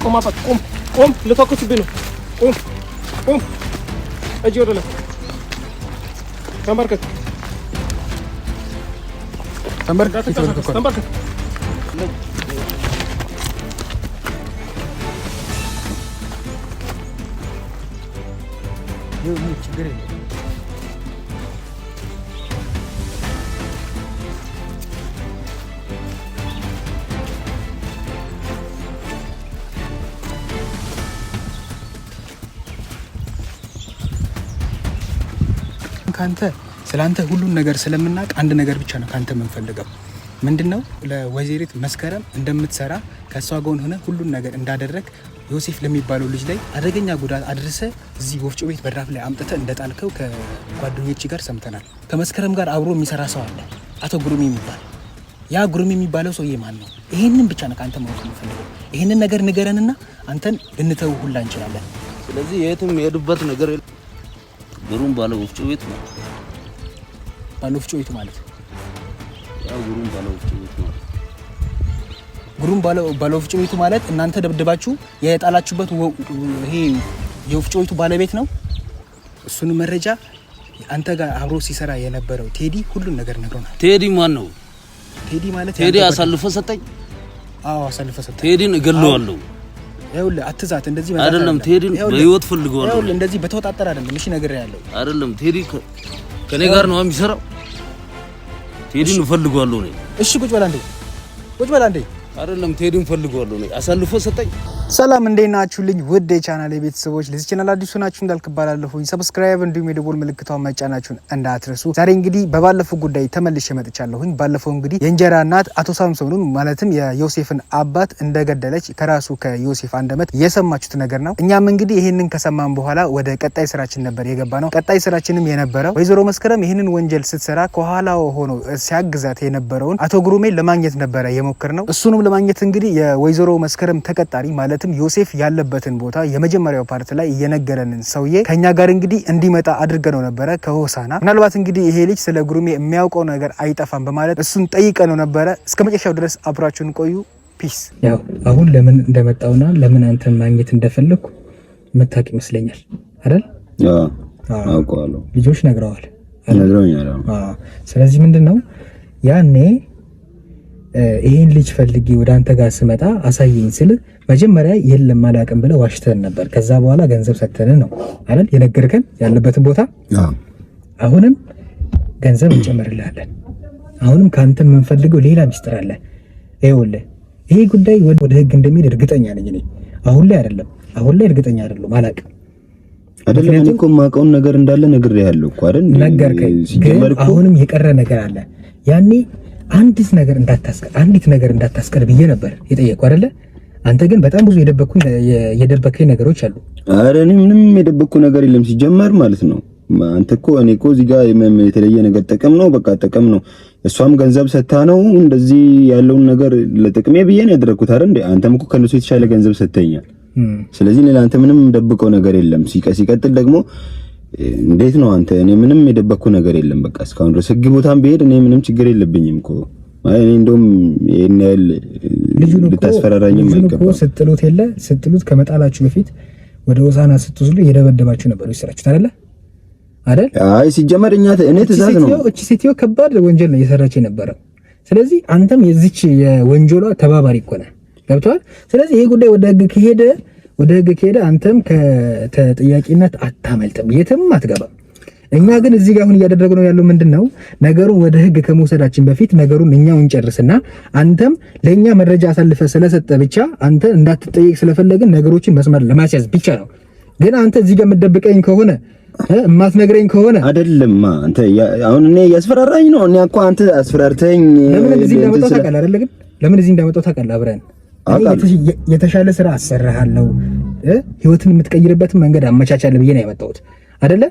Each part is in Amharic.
قوم عفك قوم قوم لا تقف بينه قوم قوم اجي ورا لك كم بركك كم بركك كم بركك ካንተ ስላንተ ሁሉን ነገር ስለምናውቅ አንድ ነገር ብቻ ነው ካንተ የምንፈልገው ምንድነው? ለወይዘሪት መስከረም እንደምትሰራ ከእሷ ጎን ሆነ ሁሉን ነገር እንዳደረግ ዮሴፍ ለሚባለው ልጅ ላይ አደገኛ ጉዳት አድርሰ እዚህ ወፍጮ ቤት በራፍ ላይ አምጥተ እንደጣልከው ከጓደኞች ጋር ሰምተናል። ከመስከረም ጋር አብሮ የሚሰራ ሰው አለ፣ አቶ ጉሩሜ የሚባል ያ ጉሩሜ የሚባለው ሰውዬ ማን ነው? ይህንን ብቻ ነው ከአንተ ማወቅ የምፈልገው። ይህንን ነገር ንገረንና አንተን ልንተው ሁላ እንችላለን። ስለዚህ የትም የሄዱበት ነገር ግሩም ባለ ወፍጮ ቤት ነው። ባለ ወፍጮ ቤት ማለት ያው ግሩም ባለ ወፍጮ ቤት ነው። ግሩም ባለ ወፍጮ ቤቱ ማለት እናንተ ደብድባችሁ የጣላችሁበት ይሄ የወፍጮ ቤቱ ባለቤት ነው። እሱን መረጃ አንተ ጋር አብሮ ሲሰራ የነበረው ቴዲ ሁሉን ነገር ነግሮናል። ቴዲ ማን ነው? ቴዲ ማለት ቴዲ አሳልፈ ሰጠኝ። አዎ አሳልፈ ሰጠኝ። ቴዲን እገለዋለሁ ይኸውልህ አትዛት። እንደዚህ ማለት አይደለም ቴዲን በህይወት ፈልገዋል። ይኸውልህ እንደዚህ በተወጣጠረ አይደለም። እሺ ነገር ያለው አይደለም። ቴዲ ከኔ ጋር ነው የሚሰራው። ቴዲን ፈልገዋለሁ ነው። እሺ ቁጭ በላ እንዴ፣ ቁጭ በላ እንዴ። አይደለም ቴዲን ፈልገዋለሁ ነው። አሳልፎ ሰጠኝ። ሰላም እንዴት ናችሁልኝ? ውድ የቻናል የቤተሰቦች ለዚህ ቻናል አዲሱ ናችሁ እንዳልክባላለሁኝ ሰብስክራይብ፣ እንዲሁም የደወል ምልክቷን መጫናችሁን እንዳትረሱ። ዛሬ እንግዲህ በባለፈው ጉዳይ ተመልሼ መጥቻለሁኝ። ባለፈው እንግዲህ የእንጀራ እናት አቶ ሳምሶኑን ማለትም የዮሴፍን አባት እንደገደለች ከራሱ ከዮሴፍ አንደበት የሰማችሁት ነገር ነው። እኛም እንግዲህ ይህንን ከሰማን በኋላ ወደ ቀጣይ ስራችን ነበር የገባ ነው። ቀጣይ ስራችንም የነበረው ወይዘሮ መስከረም ይህንን ወንጀል ስትሰራ ከኋላ ሆኖ ሲያግዛት የነበረውን አቶ ግሩሜ ለማግኘት ነበረ የሞከር ነው። እሱንም ለማግኘት እንግዲህ የወይዘሮ መስከረም ተቀጣሪ ማለት ማለትም ዮሴፍ ያለበትን ቦታ የመጀመሪያው ፓርት ላይ እየነገረንን ሰውዬ ከኛ ጋር እንግዲህ እንዲመጣ አድርገነው ነበረ ከሆሳና። ምናልባት እንግዲህ ይሄ ልጅ ስለ ጉሩሜ የሚያውቀው ነገር አይጠፋም በማለት እሱን ጠይቀነው ነበረ። እስከ መጨረሻው ድረስ አብራችሁን ቆዩ። ፒስ። ያው አሁን ለምን እንደመጣውና ለምን አንተን ማግኘት እንደፈለግኩ መታቅ ይመስለኛል አይደል? ልጆች ነግረዋል። ስለዚህ ምንድን ነው ያኔ ይሄን ልጅ ፈልጌ ወደ አንተ ጋር ስመጣ አሳየኝ ስል መጀመሪያ የለም አላቅም ብለህ ዋሽተን ነበር። ከዛ በኋላ ገንዘብ ሰተንን ነው አይደል የነገርከን ያለበትን ቦታ። አሁንም ገንዘብ እንጨምርልሃለን። አሁንም ከአንተ የምንፈልገው ሌላ ሚስጥር አለ። ይኸውልህ ይሄ ጉዳይ ወደ ህግ እንደሚሄድ እርግጠኛ ነኝ እኔ። አሁን ላይ አይደለም፣ አሁን ላይ እርግጠኛ አይደለም፣ አላቅም አይደለም። እኔ እኮ የማውቀውን ነገር እንዳለ ነግሬሃለሁ እኮ አይደል? ነገርከኝ፣ ግን አሁንም የቀረ ነገር አለ ያኔ አንዲት ነገር እንዳታስቀር አንዲት ነገር እንዳታስቀር ብዬ ነበር የጠየቁ አይደለ? አንተ ግን በጣም ብዙ የደበኩኝ የደበከኝ ነገሮች አሉ። አረ እኔ ምንም የደበኩ ነገር የለም ሲጀመር ማለት ነው። አንተ እኮ እኔ እኮ እዚህ ጋር የተለየ ነገር ጥቅም ነው፣ በቃ ጥቅም ነው። እሷም ገንዘብ ሰታ ነው እንደዚህ ያለውን ነገር ለጥቅሜ ብዬ ነው ያደረኩት እንዴ አንተም እኮ ከነሱ የተሻለ ገንዘብ ሰተኛል። ስለዚህ ለአንተ ምንም ደብቀው ነገር የለም። ሲቀጥል ደግሞ እንዴት ነው አንተ? እኔ ምንም የደበኩ ነገር የለም። በቃ እስካሁን ድረስ ህግ ቦታም ብሄድ እኔ ምንም ችግር የለብኝም እኮ ማለት እኔ እንደውም ይሄን ያህል ልታስፈራራኝም አይገባም። ስትሉት የለ ስትሉት ከመጣላችሁ በፊት ወደ ወሳና ስትወስዱ የደበደባችሁ ነበር ይሰራችሁት አይደለ? አይደል? አይ ሲጀመር እኛ እኔ ትእዛዝ ነው። እቺ ሴትዮ ከባድ ወንጀል ነው እየሰራች የነበረው። ስለዚህ አንተም የዚች የወንጀሏ ተባባሪ እኮ ነህ። ገብቶሃል? ስለዚህ ይሄ ጉዳይ ወደ ህግ ከሄደ ወደ ህግ ከሄደ አንተም ከተጠያቂነት አታመልጥም፣ የትም አትገባም። እኛ ግን እዚህ ጋር አሁን ነው ያለው ምንድን ነው? ነገሩን ወደ ህግ ከመውሰዳችን በፊት ነገሩን እኛው እንጨርስና አንተም ለእኛ መረጃ አሳልፈ ስለሰጠ ብቻ አንተ እንዳትጠየቅ ስለፈለግን ነገሮችን መስመር ለማስያዝ ብቻ ነው። ግን አንተ እዚህ ጋር የምትደብቀኝ ከሆነ እማትነግረኝ ከሆነ አይደለም። አንተ አሁን እኔ እያስፈራራኝ ነው። እኔ እኮ አንተ አስፈራርተኝ። ለምን እዚህ እንዳመጣው ታውቃለህ አይደለ? ግን ለምን እዚህ እንዳመጣው ታውቃለህ አብረን የተሻለ ስራ አሰራሃለሁ፣ ህይወትን የምትቀይርበትን መንገድ አመቻቻለሁ ብዬ ነው የመጣሁት አደለ?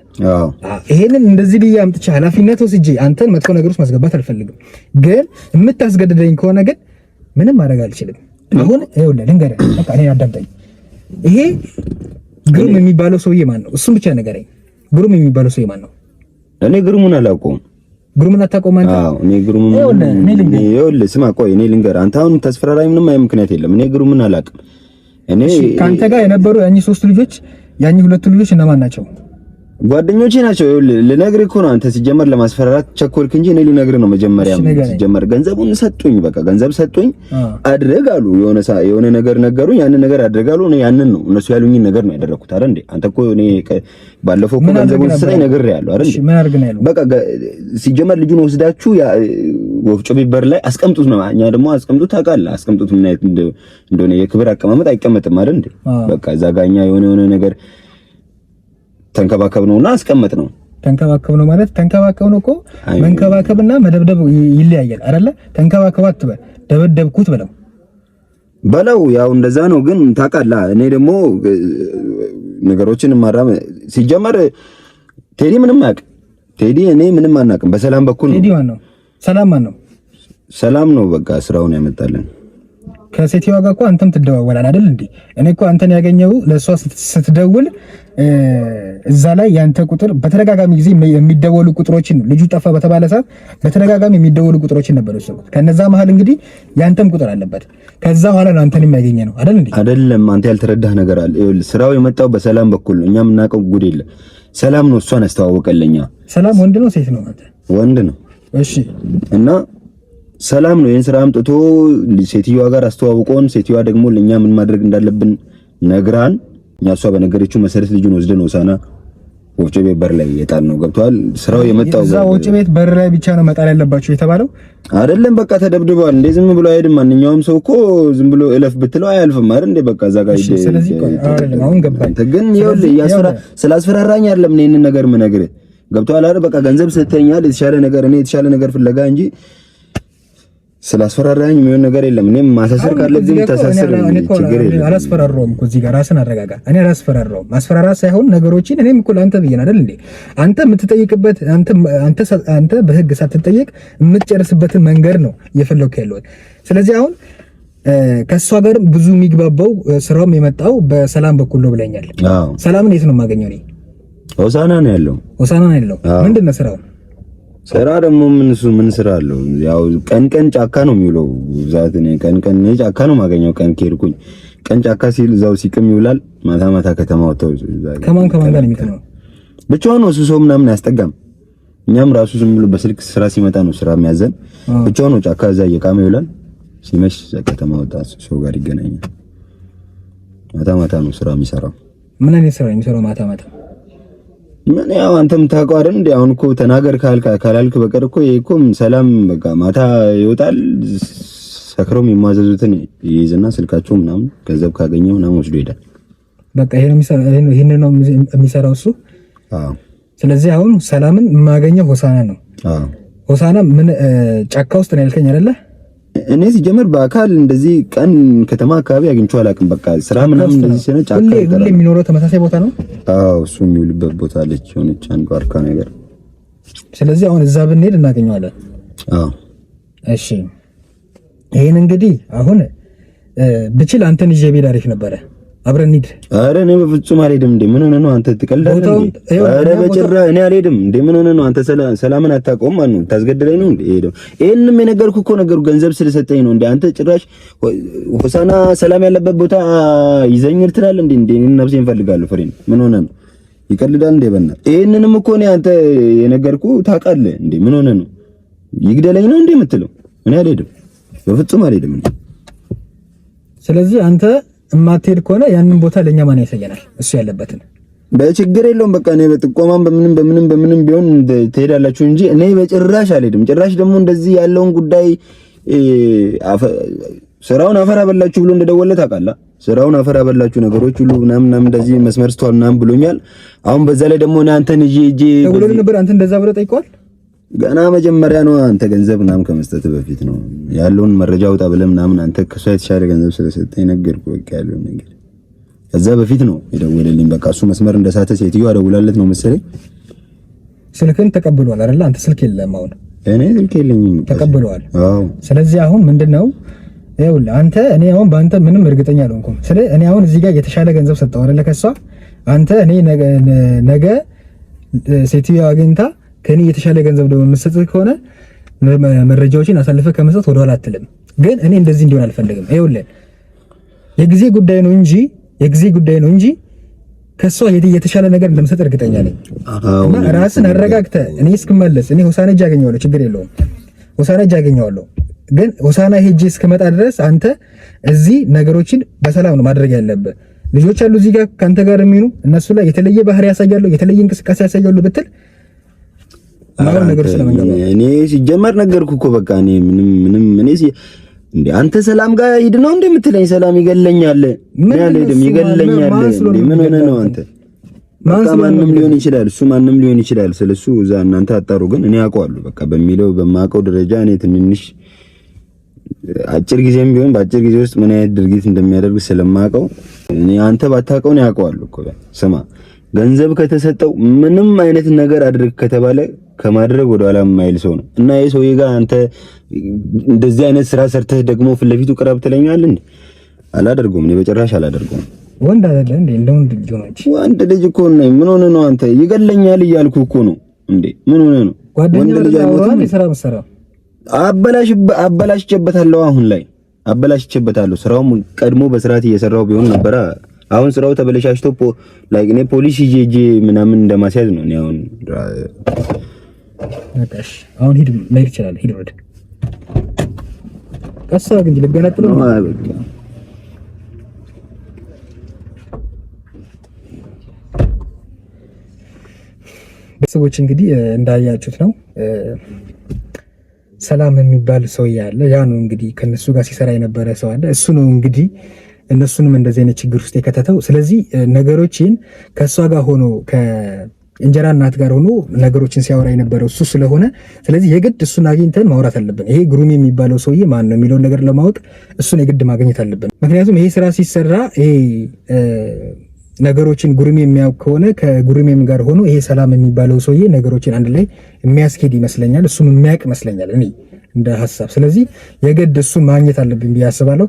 ይሄንን እንደዚህ ብዬ አምጥቼ ኃላፊነት ወስጄ አንተን መጥፎ ነገር ውስጥ ማስገባት አልፈልግም። ግን የምታስገድደኝ ከሆነ ግን ምንም ማድረግ አልችልም። አሁን ይኸውልህ ልንገርህ፣ እኔ አዳምጠኝ። ይሄ ግሩም የሚባለው ሰውዬ ማን ነው? እሱም ብቻ ነገረኝ። ግሩም የሚባለው ሰውዬ ማን ነው? እኔ ግሩሙን አላውቀውም። ግሩምን አታውቀውም አንተ? አዎ እኔ ግሩምን ይኸውልህ፣ ስማ ቆይ እኔ ልንገር፣ አንተ አሁን ተስፈራ ላይ ምንም አይ ምክንያት የለም። እኔ ግሩምን አላውቅም። እኔ ከአንተ ጋር የነበሩ ያኚህ ሶስት ልጆች ያኚህ ሁለቱ ልጆች እነማን ናቸው? ጓደኞቼ ናቸው። ልነግርህ እኮ ነው። አንተ ሲጀመር ለማስፈራራት ቸኮልክ እንጂ እኔ ልነግርህ ነው። መጀመሪያ ሲጀመር ገንዘቡን ሰጡኝ፣ በቃ ገንዘብ ሰጡኝ፣ አድርግ አሉ። የሆነ የሆነ ነገር ነገሩኝ፣ ያንን ነገር አድርግ አሉ። እኔ ያንን ነው እነሱ ያሉኝን ነገር ነው ያደረኩት። አረ እንዴ? አንተ እኮ እኔ ባለፈው እኮ ገንዘቡን ስጠኝ ያለው አረ እንዴ? በቃ ሲጀመር ልጁን ወስዳችሁ ወፍጮ ቢበር ላይ አስቀምጡት ነው። እኛ ደግሞ አስቀምጡት ታውቃለህ፣ አስቀምጡት ምን አይነት እንደሆነ የክብር አቀማመጥ አይቀመጥም አረ እንዴ? በቃ እዛ ጋር የሆነ የሆነ ነገር ተንከባከብ ነውና አስቀመጥ ነው። ተንከባከብ ነው ማለት ተንከባከብ ነው እኮ መንከባከብና መደብደብ ይለያያል አይደለ? ተንከባከባት አትበል፣ ደበደብኩት በለው በለው። ያው እንደዛ ነው። ግን ታቃላ እኔ ደግሞ ነገሮችን ማራም ሲጀመር ቴዲ ምንም አያውቅም። ቴዲ እኔ ምንም አናውቅም። በሰላም በኩል ነው። ቴዲ ማን ነው? ሰላም ማን ነው? ሰላም ነው። በቃ ስራውን ያመጣልን ከሴትዋ ጋር እኮ አንተም ትደዋወላል አይደል እንዴ? እኔ እኮ አንተን ያገኘው ለእሷ ስትደውል እዛ ላይ ያንተ ቁጥር በተደጋጋሚ ጊዜ የሚደወሉ ቁጥሮችን ልጁ ጠፋ በተባለ ሰዓት በተደጋጋሚ የሚደወሉ ቁጥሮችን ነበር የወሰድኩት። ከነዛ መሀል እንግዲህ ያንተም ቁጥር አለበት። ከዛ በኋላ ነው አንተን የሚያገኘ ነው አይደል እንዴ? አይደለም፣ አንተ ያልተረዳህ ነገር አለ። ስራው የመጣው በሰላም በኩል ነው። እኛ የምናውቀው ጉድ የለ። ሰላም ነው እሷን ያስተዋወቀልኛ። ሰላም ወንድ ነው ሴት ነው? ወንድ ነው። እሺ እና ሰላም ነው። ይህን ስራ አምጥቶ ሴትዮዋ ጋር አስተዋውቆን፣ ሴትዮዋ ደግሞ ለእኛ ምን ማድረግ እንዳለብን ነግራን፣ እኛ እሷ በነገረችው መሰረት ልጁን ወስደን ሆሳዕና ወፍጮ ቤት በር ላይ የጣል ነው። ገብቷል። ስራው የመጣው እዛ ወጭ ቤት በር ላይ ብቻ ነው መጣል ያለባቸው የተባለው አይደለም። በቃ ተደብድበዋል እንዴ! ዝም ብሎ አይሄድም። ማንኛውም ሰው እኮ ዝም ብሎ እለፍ ብትለው አያልፍም አይደል እንዴ? በቃ እዛ ጋር ይሄ። ስለዚህ አሁን ገባኝ። ግን ይኸውልህ ስላስፈራራኝ አይደለም እኔ ይሄንን ነገር ምነግርህ ገብቷል አይደል? በቃ ገንዘብ ስተኛል የተሻለ ነገር እኔ የተሻለ ነገር ፍለጋ እንጂ ስላስፈራራኝ የሚሆን ነገር የለም። እኔም ማሳሰር ካለብኝ ተሳሰር ችግር የለም። አላስፈራራሁም እኮ እዚህ ጋር ራስን አረጋጋ። እኔ አላስፈራራሁም። ማስፈራራ ሳይሆን ነገሮችን እኔም እኮ ለአንተ ብዬን አይደል እንዴ? አንተ የምትጠይቅበት አንተ አንተ በህግ ሳትጠየቅ የምትጨርስበትን መንገድ ነው እየፈለግኩ ያለሁት። ስለዚህ አሁን ከእሷ ጋር ብዙ የሚግባባው ስራውም የመጣው በሰላም በኩል ነው ብለኛል። ሰላምን የት ነው የማገኘው? ሆሳና ነው ያለው። ሆሳና ነው ያለው። ምንድን ነው ስራው? ስራ ደግሞ ምን እሱ ምን ስራ አለው? ያው ቀን ቀን ጫካ ነው የሚውለው። ብዛት እኔ ቀን ቀን እኔ ጫካ ነው የማገኘው። ቀን ከሄድኩኝ ቀን ጫካ ሲል እዛው ሲቅም ይውላል። ማታ ማታ ከተማ ወጥተው ከማን ከማን ጋር የሚቀረው ብቻውን ነው። እሱ ሰው ምናምን አያስጠጋም። እኛም ራሱ ዝም ብሎ በስልክ ስራ ሲመጣ ነው ስራ የሚያዘን። ብቻውን ነው ጫካ እዛ እየቃመ ይውላል። ሲመሽ ከተማ ወጣ ሰው ጋር ይገናኛል። ማታ ማታ ነው ስራ የሚሰራው። ምን አይነት ስራ የሚሰራው ማታ ማታ ምን ያው አንተም የምታውቀው አይደል እንዴ? አሁን እኮ ተናገር ካልካ ካላልክ በቀር እኮ ይሄ እኮ ሰላም በቃ ማታ ይወጣል። ሰክረው የሚማዘዙትን ይይዝና ስልካቸው ምናምን ገንዘብ ካገኘ ምናምን ወስዶ ይሄዳል። በቃ ይሄን ነው የሚሰራው እሱ። ስለዚህ አሁን ሰላምን የማገኘው ሆሳና ነው። ሆሳና ምን ጫካ ውስጥ ነው ያልከኝ አይደለ? እኔ ሲጀምር በአካል እንደዚህ ቀን ከተማ አካባቢ አግኝቼው አላውቅም። በቃ ስራ ምናምን እንደዚህ ሲሆን ጫካ ሁሌ የሚኖረው ተመሳሳይ ቦታ ነው። አዎ እሱ የሚውልበት ቦታ አለች የሆነች አንዱ አርካ ነገር። ስለዚህ አሁን እዛ ብንሄድ እናገኘዋለን። አዎ እሺ። ይሄን እንግዲህ አሁን ብችል አንተን ይዤ ብሄድ አሪፍ ነበረ። አብረን እንሂድ። ኧረ እኔ በፍጹም አልሄድም። እንዴ! ምን ሆነህ ነው አንተ ትቀልዳለህ? አረ በጭራሽ እኔ አልሄድም። እንዴ! ምን ሆነህ ነው አንተ ሰላምን አታውቀውም ማለት ነው። ታስገድለኝ ነው እንዴ? ሄደው ይሄንም የነገርኩህ እኮ ነገሩ ገንዘብ ስለሰጠኝ ነው እንዴ። አንተ ጭራሽ ሆሳና ሰላም ያለበት ቦታ ይዘኝ ትላለህ እንዴ? እንዴ እኔ ነፍሴን እንፈልጋለሁ። ፍሬን ምን ሆነህ ነው? ይቀልዳል እንዴ? በእናትህ ይሄንንም እኮ እኔ አንተ የነገርኩህ ታውቃለህ እንዴ? ምን ሆነህ ነው? ይግደለኝ ነው እንዴ የምትለው? እኔ አልሄድም፣ በፍጹም አልሄድም። ስለዚህ አንተ እማትሄድ ከሆነ ያንን ቦታ ለእኛ ማን ያሳየናል? እሱ ያለበትን በችግር የለውም። በቃ እኔ በጥቆማም በምንም በምንም በምንም ቢሆን ትሄዳላችሁ እንጂ እኔ በጭራሽ አልሄድም። ጭራሽ ደግሞ እንደዚህ ያለውን ጉዳይ ስራውን አፈር አበላችሁ ብሎ እንደደወለ ታውቃለህ። ስራውን አፈር አበላችሁ ነገሮች ሁሉ ምናምን ምናምን እንደዚህ መስመር ስቷል ምናምን ብሎኛል። አሁን በዛ ላይ ደግሞ እኔ አንተን ይጂ ይጂ ብሎ ነበር። አንተ እንደዛ ብሎ ጠይቀዋል ገና መጀመሪያ ነው። አንተ ገንዘብ ምናምን ከመስጠት በፊት ነው ያለውን መረጃ አውጣ ብለህ ምናምን አንተ ከሷ የተሻለ ገንዘብ ስለሰጠኝ ነገርኩ። በቃ ያለውን ነገር ከዛ በፊት ነው የደወለልኝ። በቃ እሱ መስመር እንደሳተ ሴትዮዋ አደውላለት ነው መሰለኝ። ስልክን ተቀብሏል አይደል? አንተ ስልክ የለም አሁን። እኔ ስልክ የለኝም። ተቀብሏል። አዎ። ስለዚህ አሁን ምንድነው ይኸውልህ፣ አንተ እኔ አሁን በአንተ ምንም እርግጠኛ አልሆንኩም። ስለ እኔ አሁን እዚህ ጋር የተሻለ ገንዘብ ሰጠው አይደል? ከሷ አንተ እኔ ነገ ነገ ሴትዮዋ አግኝታ ከኔ የተሻለ ገንዘብ ደግሞ የምትሰጥ ከሆነ መረጃዎችን አሳልፈ ከመስጠት ወደኋላ አትልም። ግን እኔ እንደዚህ እንዲሆን አልፈልግም። ይኸውልህ የጊዜ ጉዳይ ነው እንጂ የጊዜ ጉዳይ ነው እንጂ ከሷ የተሻለ ነገር እንደምሰጥ እርግጠኛ ነኝ። እና ራስን አረጋግተ እኔ እስክመለስ እኔ ሆሳና እጅ አገኘዋለሁ፣ ችግር የለውም። ሆሳና እጅ አገኘዋለሁ። ግን ሆሳና ሄጄ እስክመጣ ድረስ አንተ እዚህ ነገሮችን በሰላም ነው ማድረግ ያለብህ። ልጆች አሉ እዚህ ጋር ከአንተ ጋር የሚኑ እነሱ ላይ የተለየ ባህሪ ያሳያሉ፣ የተለየ እንቅስቃሴ ያሳያሉ ብትል እኔ ሲጀመር ነገርኩ እኮ በቃ እኔ ምንም ምንም እኔ እንዴ አንተ ሰላም ጋር ሂድ ነው እንዴ የምትለኝ? ሰላም ይገለኛል፣ ምን አልሄድም፣ ይገለኛል። ምን ሆነ ነው አንተ? ማንም ሊሆን ይችላል እሱ ማንም ሊሆን ይችላል። ስለሱ እዛ እናንተ አጣሩ፣ ግን እኔ አውቀዋለሁ። በቃ በሚለው በማውቀው ደረጃ እኔ ትንንሽ አጭር ጊዜም ቢሆን በአጭር ጊዜ ውስጥ ምን አይነት ድርጊት እንደሚያደርግ ስለማውቀው እኔ አንተ ባታውቀው እኔ አውቀዋለሁ እኮ ስማ፣ ገንዘብ ከተሰጠው ምንም አይነት ነገር አድርግ ከተባለ ከማድረግ ወደ ኋላ የማይል ሰው ነው እና ይህ ሰውዬ ጋር አንተ እንደዚህ አይነት ስራ ሰርተህ ደግሞ ፊት ለፊቱ ቅረብ ትለኛል እንዴ? አላደርገውም። እኔ በጭራሽ አላደርገውም። ወንድ አይደለ እንዴ? እንደ ወንድ ልጅ ሆነች። ወንድ ልጅ እኮ ነው። ምን ሆነ ነው አንተ? ይገለኛል እያልኩ እኮ ነው እንዴ? ምን ሆነ ነው? ወንድ ልጅ አይወራም። ስራ መስራ አበላሽ አበላሽ አበላሽቼበታለሁ። አሁን ላይ አበላሽ አበላሽቼበታለሁ። ስራውም ቀድሞ በስርዓት እየሰራው ቢሆን ነበረ። አሁን ስራው ተበለሻሽቶ ላይክ እኔ ፖሊስ ይጄጄ ምናምን እንደማስያዝ ነው እኔ አሁን ነቀሽ አሁን ሂድ፣ መሄድ ይችላል ሂድ ወደ ቀስ አድርግ እንጂ ነው። ቤተሰቦች እንግዲህ እንዳያችሁት ነው ሰላም የሚባል ሰው ያለ ያ ነው እንግዲህ ከነሱ ጋር ሲሰራ የነበረ ሰው አለ። እሱ ነው እንግዲህ እነሱንም እንደዚህ አይነት ችግር ውስጥ የከተተው። ስለዚህ ነገሮችን ከእሷ ጋር ሆኖ እንጀራ እናት ጋር ሆኖ ነገሮችን ሲያወራ የነበረው እሱ ስለሆነ፣ ስለዚህ የግድ እሱን አግኝተን ማውራት አለብን። ይሄ ግሩም የሚባለው ሰውዬ ማን ነው የሚለውን ነገር ለማወቅ እሱን የግድ ማግኘት አለብን። ምክንያቱም ይሄ ስራ ሲሰራ ይሄ ነገሮችን ጉርሜ የሚያውቅ ከሆነ ከጉርሜም ጋር ሆኖ ይሄ ሰላም የሚባለው ሰውዬ ነገሮችን አንድ ላይ የሚያስኬድ ይመስለኛል። እሱም የሚያውቅ ይመስለኛል እኔ እንደ ሀሳብ። ስለዚህ የግድ እሱን ማግኘት አለብን ብዬ አስባለሁ።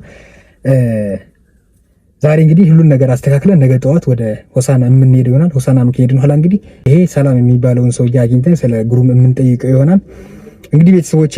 ዛሬ እንግዲህ ሁሉን ነገር አስተካክለን ነገ ጠዋት ወደ ሆሳና የምንሄድ ይሆናል። ሆሳና ከሄድን ኋላ እንግዲህ ይሄ ሰላም የሚባለውን ሰውዬ አግኝተን ስለ ግሩም የምንጠይቀው ይሆናል። እንግዲህ ቤተሰቦቼ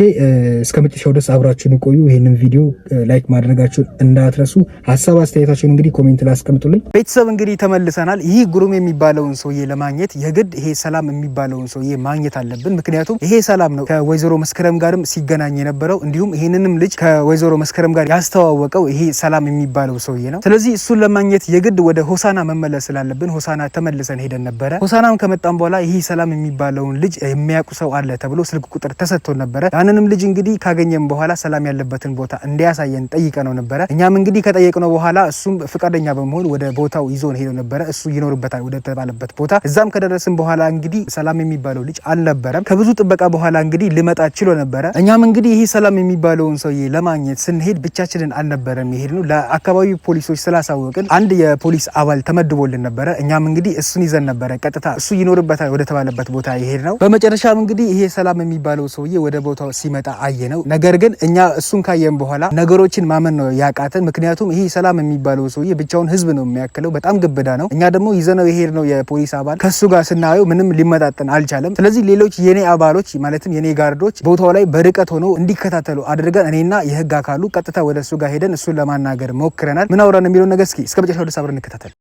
እስከ መጨረሻው ድረስ አብራችሁን ቆዩ። ይህንን ቪዲዮ ላይክ ማድረጋችሁን እንዳትረሱ። ሀሳብ አስተያየታችሁን እንግዲህ ኮሜንት ላይ አስቀምጡልኝ። ቤተሰብ እንግዲህ ተመልሰናል። ይህ ጉሩም የሚባለውን ሰውዬ ለማግኘት የግድ ይሄ ሰላም የሚባለውን ሰውዬ ማግኘት አለብን። ምክንያቱም ይሄ ሰላም ነው ከወይዘሮ መስከረም ጋርም ሲገናኝ የነበረው እንዲሁም ይህንንም ልጅ ከወይዘሮ መስከረም ጋር ያስተዋወቀው ይሄ ሰላም የሚባለው ሰውዬ ነው። ስለዚህ እሱን ለማግኘት የግድ ወደ ሆሳና መመለስ ስላለብን ሆሳና ተመልሰን ሄደን ነበረ። ሆሳናም ከመጣም በኋላ ይህ ሰላም የሚባለውን ልጅ የሚያውቁ ሰው አለ ተብሎ ስልክ ቁጥር ተሰ ሰጥቶን ነበረ። ያንንም ልጅ እንግዲህ ካገኘም በኋላ ሰላም ያለበትን ቦታ እንዲያሳየን ጠይቀ ነው ነበረ። እኛም እንግዲህ ከጠየቅነው በኋላ እሱም ፍቃደኛ በመሆን ወደ ቦታው ይዞን ሄደው ነበረ። እሱ ይኖርበታል ወደ ተባለበት ቦታ። እዛም ከደረስን በኋላ እንግዲህ ሰላም የሚባለው ልጅ አልነበረም። ከብዙ ጥበቃ በኋላ እንግዲህ ልመጣ ችሎ ነበረ። እኛም እንግዲህ ይህ ሰላም የሚባለውን ሰውዬ ለማግኘት ስንሄድ ብቻችንን አልነበረም የሄድ ነው። ለአካባቢው ፖሊሶች ስላሳወቅን አንድ የፖሊስ አባል ተመድቦልን ነበረ። እኛም እንግዲህ እሱን ይዘን ነበረ ቀጥታ እሱ ይኖርበታል ወደ ተባለበት ቦታ የሄድ ነው። በመጨረሻም እንግዲህ ይሄ ሰላም የሚባለው ሰውዬ ሰውዬ ወደ ቦታው ሲመጣ አየ ነው። ነገር ግን እኛ እሱን ካየን በኋላ ነገሮችን ማመን ነው ያቃተን። ምክንያቱም ይህ ሰላም የሚባለው ሰውዬ ብቻውን ህዝብ ነው የሚያክለው፣ በጣም ግብዳ ነው። እኛ ደግሞ ይዘነው የሄድነው ነው የፖሊስ አባል ከሱ ጋር ስናየው ምንም ሊመጣጠን አልቻለም። ስለዚህ ሌሎች የኔ አባሎች ማለትም የኔ ጋርዶች ቦታው ላይ በርቀት ሆኖ እንዲከታተሉ አድርገን እኔና የህግ አካሉ ቀጥታ ወደ እሱ ጋር ሄደን እሱን ለማናገር ሞክረናል። ምን አውራን የሚለውን ነገር እስኪ እስከ መጨረሻ ድረስ አብረን እንከታተል።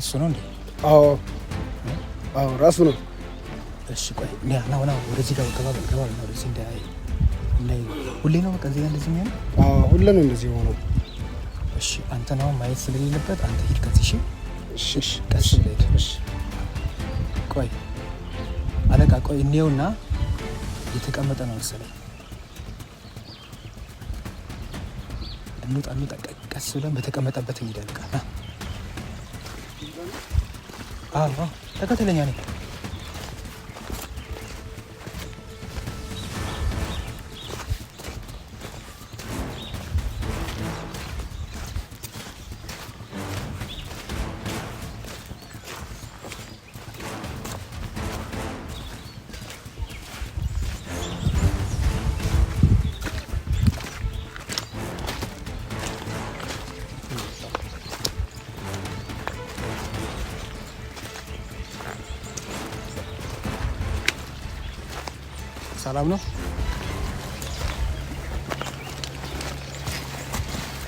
እሱ ነው እንዴ? አዎ አዎ፣ ራሱ ነው። እሺ ቆይ ና ና ና፣ ወደዚህ ጋር ገባ ገባ ነው። ወደዚህ ሁሌ ነው በቃ እዚህ ጋር እንደዚህ አዎ ሁሌ ነው እንደዚህ እሺ አንተ ነው ማየት ስለሌለበት አንተ ሂድ ከዚህ። እሺ እሺ እሺ፣ ቀስ ብለህ እሺ። ቆይ አለቃ ቆይ እንየውና የተቀመጠ ነው መሰለኝ። እንውጣ እንውጣ፣ ቀስ ብለን በተቀመጠበት እንሄዳለን። ተከተለኛ ነኝ። ሰላም ነው።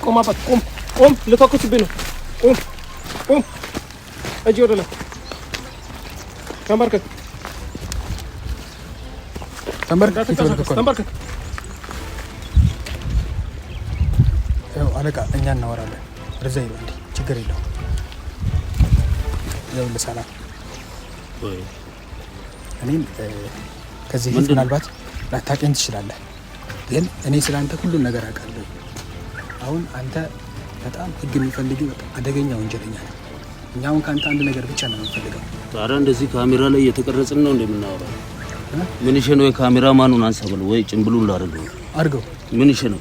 ቆም አባት ቆም ቆም፣ ልተኩስብህ ነው። ቆም ቆም፣ እጅ ወደ ላይ ተንበርከክ፣ ተንበርከክ። ያው አለቃ እኛ እናወራለን። ርዛ ይሉ እንዴ፣ ችግር የለው። ያው ልሰላም እኔም ከዚህ ፊት ምናልባት ላታቀኝ ትችላለህ፣ ግን እኔ ስለ አንተ ሁሉን ነገር አውቃለሁ። አሁን አንተ በጣም ህግ የሚፈልግ አደገኛ ወንጀለኛ ነው። እኛ አሁን ከአንተ አንድ ነገር ብቻ ነው የምንፈልገው። ታዲያ እንደዚህ ካሜራ ላይ እየተቀረጽን ነው እንደምናወራ ምን ይሸ ነው? የካሜራ ማኑን አንሳበል ወይ ጭምብሉን ላድርገው አድርገው። ምን ይሸ ነው?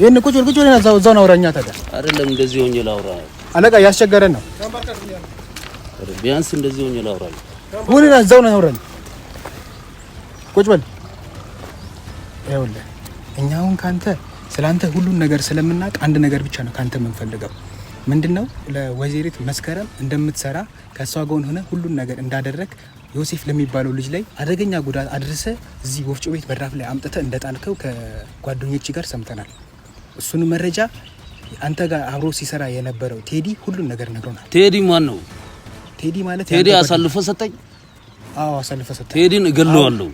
ይህን ቁጭ ቁጭ ብለን እዛው እዛው ናውራኛ ታዲያ አይደለም። እንደዚህ ሆኜ ላውራ አለቃ ያስቸገረን ነው። ቢያንስ እንደዚህ ሆኜ ላውራ ሁን እዛው ናውራኝ ቁጭ በል። ይኸውልህ እኛ አሁን ከአንተ ስለ አንተ ሁሉን ነገር ስለምናውቅ አንድ ነገር ብቻ ነው ከአንተ የምንፈልገው ምንድን ነው? ለወይዘሪት መስከረም እንደምትሰራ ከእሷ ጎን ሆነ ሁሉን ነገር እንዳደረግ ዮሴፍ ለሚባለው ልጅ ላይ አደገኛ ጉዳት አድርሰ እዚህ ወፍጮ ቤት በራፍ ላይ አምጥተ እንደጣልከው ከጓደኞች ጋር ሰምተናል። እሱን መረጃ አንተ ጋር አብሮ ሲሰራ የነበረው ቴዲ ሁሉን ነገር ነግሮናል። ቴዲ ማን ነው? ቴዲ ማለት ቴዲ አሳልፈ ሰጠኝ። አዎ አሳልፈ ሰጠኝ። ቴዲን እገለዋለሁ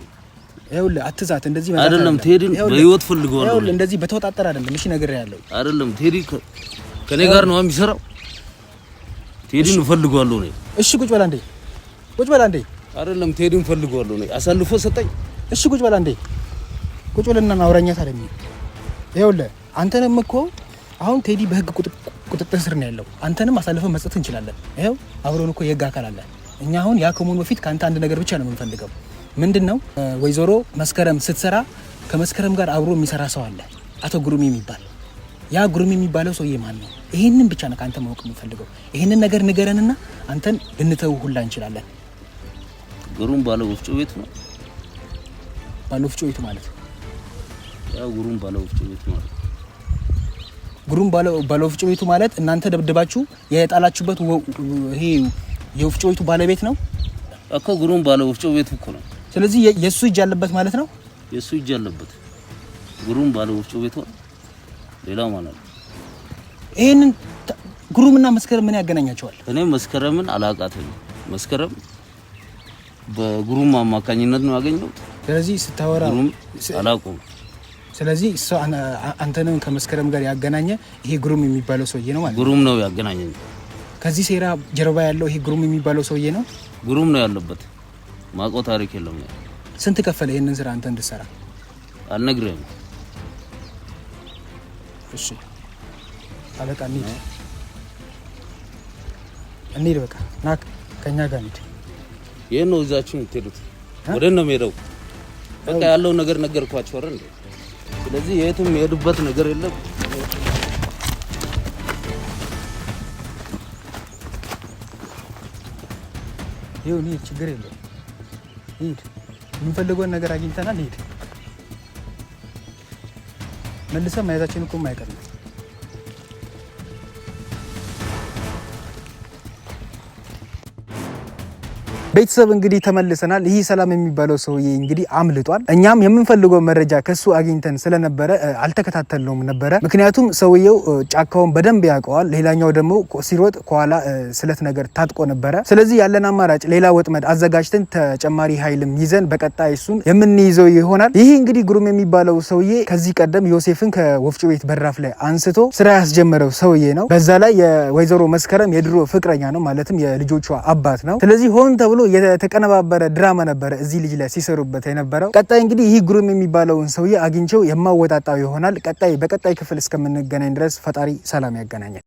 ይኸውልህ አትዛት። እንደዚህ ማለት አይደለም ቴዲን በህይወት ነው። ይኸውልህ እንደዚህ በተወጣጠረ አይደለም። እሺ ነገር ያለው አይደለም። ቴዲ ከኔ ጋር ነው የሚሰራው። ቴዲን ፈልገዋለሁ ነው። እሺ ቁጭ በላ እንዴ፣ ቁጭ በላ እንዴ። አይደለም ቴዲን ፈልገዋለሁ ነው። አሳልፎ ሰጠኝ። እሺ ቁጭ በላ እንዴ፣ ቁጭ በልና አውራኛ አይደለም። ይኸውልህ አንተንም እኮ አሁን ቴዲ በህግ ቁጥጥር ስር ነው ያለው። አንተንም አሳልፈን መስጠት እንችላለን። ይኸው አብሮን እኮ የህግ አካል አለ። እኛ አሁን ያ ከመሆኑ በፊት ከአንተ አንድ ነገር ብቻ ነው የምንፈልገው ምንድን ነው ወይዘሮ መስከረም ስትሰራ ከመስከረም ጋር አብሮ የሚሰራ ሰው አለ፣ አቶ ጉሩም የሚባል ያ ጉሩም የሚባለው ሰውዬ ማን ነው? ይህንን ብቻ ነው ከአንተ ማወቅ የምፈልገው። ይህንን ነገር ንገረንና አንተን ልንተው ሁላ እንችላለን። ጉሩም ባለ ወፍጮ ቤት ነው። ባለ ወፍጮ ቤት ማለት ያ ጉሩም ባለ ወፍጮ ቤት ማለት ጉሩም ባለ ወፍጮ ቤቱ ማለት እናንተ ደብድባችሁ የጣላችሁበት ይሄ የወፍጮ ቤቱ ባለቤት ነው እኮ። ጉሩም ባለ ወፍጮ ቤት እኮ ነው ስለዚህ የእሱ እጅ አለበት ማለት ነው። የእሱ እጅ አለበት። ግሩም ባለ ወፍጮ ቤቷ ሌላው ማለት ይሄንን ግሩምና መስከረም ምን ያገናኛቸዋል? እኔ መስከረምን አላውቃትም። መስከረም በግሩም አማካኝነት ነው ያገኘሁት። ስለዚህ ስታወራ ግሩም አላውቀውም። ስለዚህ እሱ አንተንም ከመስከረም ጋር ያገናኘ ይሄ ግሩም የሚባለው ሰውዬ ነው ማለት ግሩም ነው ያገናኘኝ። ከዚህ ሴራ ጀርባ ያለው ይሄ ግሩም የሚባለው ሰውዬ ነው። ግሩም ነው ያለበት ማቆ ታሪክ የለውም። ስንት ከፈለ ይህንን ስራ አንተ እንድትሰራ? አልነግርህም። እሺ አለቃ እንሂድ፣ እንሂድ። በቃ ና ከኛ ጋር እንሂድ። ይህን ነው እዛችሁ የምትሄዱት? ወደ ነው የምሄደው። በቃ ያለው ነገር ነገርኳቸው አይደል? ስለዚህ የትም የሄዱበት ነገር የለም። ይሁን፣ ችግር የለም ሂድ። የምንፈልገውን ነገር አግኝተናል። ሂድ። መልሰን ማየታችን እኮ የማይቀር ነው። ቤተሰብ እንግዲህ ተመልሰናል። ይህ ሰላም የሚባለው ሰውዬ እንግዲህ አምልጧል። እኛም የምንፈልገው መረጃ ከሱ አግኝተን ስለነበረ አልተከታተልነውም ነበረ። ምክንያቱም ሰውየው ጫካውን በደንብ ያውቀዋል። ሌላኛው ደግሞ ሲሮጥ ከኋላ ስለት ነገር ታጥቆ ነበረ። ስለዚህ ያለን አማራጭ ሌላ ወጥመድ አዘጋጅተን ተጨማሪ ኃይልም ይዘን በቀጣይ እሱን የምንይዘው ይሆናል። ይህ እንግዲህ ግሩም የሚባለው ሰውዬ ከዚህ ቀደም ዮሴፍን ከወፍጮ ቤት በራፍ ላይ አንስቶ ስራ ያስጀመረው ሰውዬ ነው። በዛ ላይ የወይዘሮ መስከረም የድሮ ፍቅረኛ ነው፣ ማለትም የልጆቿ አባት ነው። ስለዚህ ሆን ተብሎ የተቀነባበረ ድራማ ነበረ እዚህ ልጅ ላይ ሲሰሩበት የነበረው። ቀጣይ እንግዲህ ይህ ግሩም የሚባለውን ሰውዬ አግኝቼው የማወጣጣው ይሆናል። ቀጣይ በቀጣይ ክፍል እስከምንገናኝ ድረስ ፈጣሪ ሰላም ያገናኛል።